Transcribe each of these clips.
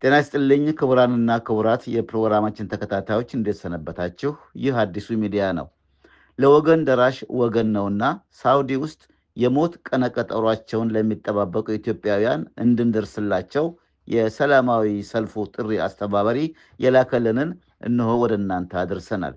ጤና ይስጥልኝ ክቡራንና ክቡራት የፕሮግራማችን ተከታታዮች እንደሰነበታችሁ ይህ አዲሱ ሚዲያ ነው። ለወገን ደራሽ ወገን ነውና ሳውዲ ውስጥ የሞት ቀነቀጠሯቸውን ለሚጠባበቁ ኢትዮጵያውያን እንድንደርስላቸው የሰላማዊ ሰልፉ ጥሪ አስተባባሪ የላከልንን እነሆ ወደ እናንተ አድርሰናል።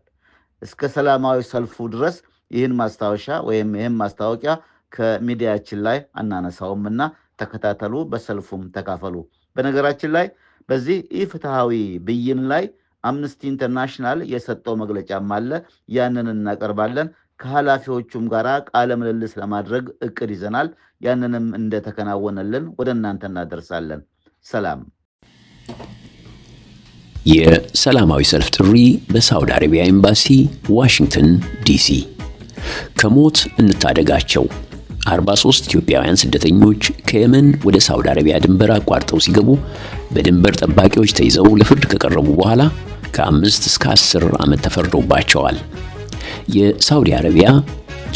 እስከ ሰላማዊ ሰልፉ ድረስ ይህን ማስታወሻ ወይም ይህን ማስታወቂያ ከሚዲያችን ላይ አናነሳውም እና ተከታተሉ፣ በሰልፉም ተካፈሉ። በነገራችን ላይ በዚህ ኢፍትሐዊ ብይን ላይ አምነስቲ ኢንተርናሽናል የሰጠው መግለጫም አለ። ያንን እናቀርባለን። ከኃላፊዎቹም ጋር ቃለ ምልልስ ለማድረግ እቅድ ይዘናል። ያንንም እንደተከናወነልን ወደ እናንተ እናደርሳለን። ሰላም። የሰላማዊ ሰልፍ ጥሪ በሳውዲ አረቢያ ኤምባሲ ዋሽንግተን ዲሲ። ከሞት እንታደጋቸው 43 ኢትዮጵያውያን ስደተኞች ከየመን ወደ ሳውዲ አረቢያ ድንበር አቋርጠው ሲገቡ በድንበር ጠባቂዎች ተይዘው ለፍርድ ከቀረቡ በኋላ ከአምስት እስከ አስር ዓመት ተፈርዶባቸዋል። የሳውዲ አረቢያ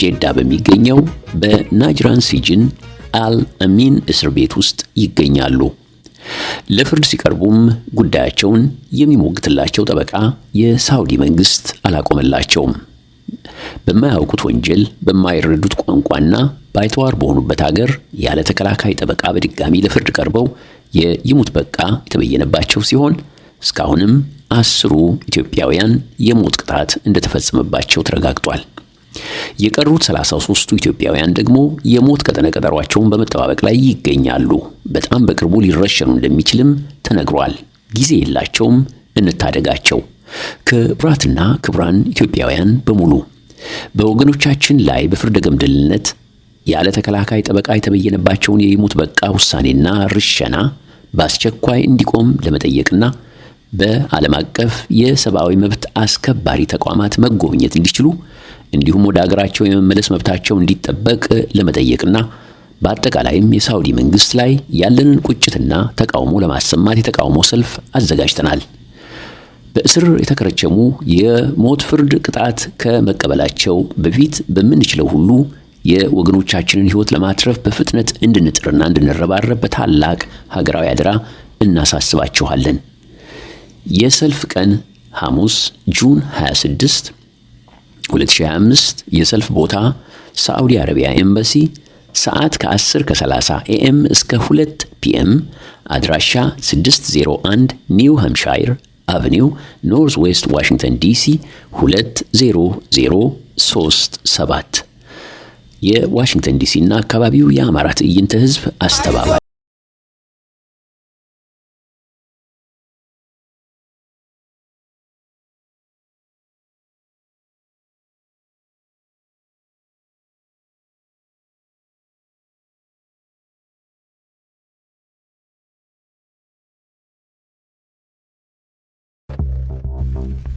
ጄዳ በሚገኘው በናጅራን ሲጅን አል አሚን እስር ቤት ውስጥ ይገኛሉ። ለፍርድ ሲቀርቡም ጉዳያቸውን የሚሞግትላቸው ጠበቃ የሳውዲ መንግስት አላቆመላቸውም። በማያውቁት ወንጀል በማይረዱት ቋንቋና ባይተዋር በሆኑበት ሀገር ያለ ተከላካይ ጠበቃ በድጋሚ ለፍርድ ቀርበው የይሙት በቃ የተበየነባቸው ሲሆን እስካሁንም አስሩ ኢትዮጵያውያን የሞት ቅጣት እንደተፈጸመባቸው ተረጋግጧል። የቀሩት 33ቱ ኢትዮጵያውያን ደግሞ የሞት ቀጠነ ቀጠሯቸውን በመጠባበቅ ላይ ይገኛሉ። በጣም በቅርቡ ሊረሸኑ እንደሚችልም ተነግሯል። ጊዜ የላቸውም፣ እንታደጋቸው። ክብራትና ክብራን ኢትዮጵያውያን በሙሉ በወገኖቻችን ላይ በፍርደ ገምድልነት ያለ ተከላካይ ጠበቃ የተበየነባቸውን የይሙት በቃ ውሳኔና ርሸና በአስቸኳይ እንዲቆም ለመጠየቅና በዓለም አቀፍ የሰብአዊ መብት አስከባሪ ተቋማት መጎብኘት እንዲችሉ እንዲሁም ወደ አገራቸው የመመለስ መብታቸው እንዲጠበቅ ለመጠየቅና በአጠቃላይም የሳውዲ መንግስት ላይ ያለንን ቁጭትና ተቃውሞ ለማሰማት የተቃውሞ ሰልፍ አዘጋጅተናል። በእስር የተከረቸሙ የሞት ፍርድ ቅጣት ከመቀበላቸው በፊት በምንችለው ሁሉ የወገኖቻችንን ሕይወት ለማትረፍ በፍጥነት እንድንጥርና እንድንረባረብ በታላቅ ሀገራዊ አደራ እናሳስባችኋለን። የሰልፍ ቀን ሐሙስ ጁን 26 2025 የሰልፍ ቦታ ሳዑዲ አረቢያ ኤምባሲ ሰዓት ከ10 ከ30 ኤኤም እስከ 2 ፒኤም አድራሻ 601 ኒው ሃምሻየር አቨኒው ኖርዝ ዌስት ዋሽንግተን ዲሲ 20037 የዋሽንግተን ዲሲ እና አካባቢው የአማራ ትዕይንተ ህዝብ አስተባባሪ Bye.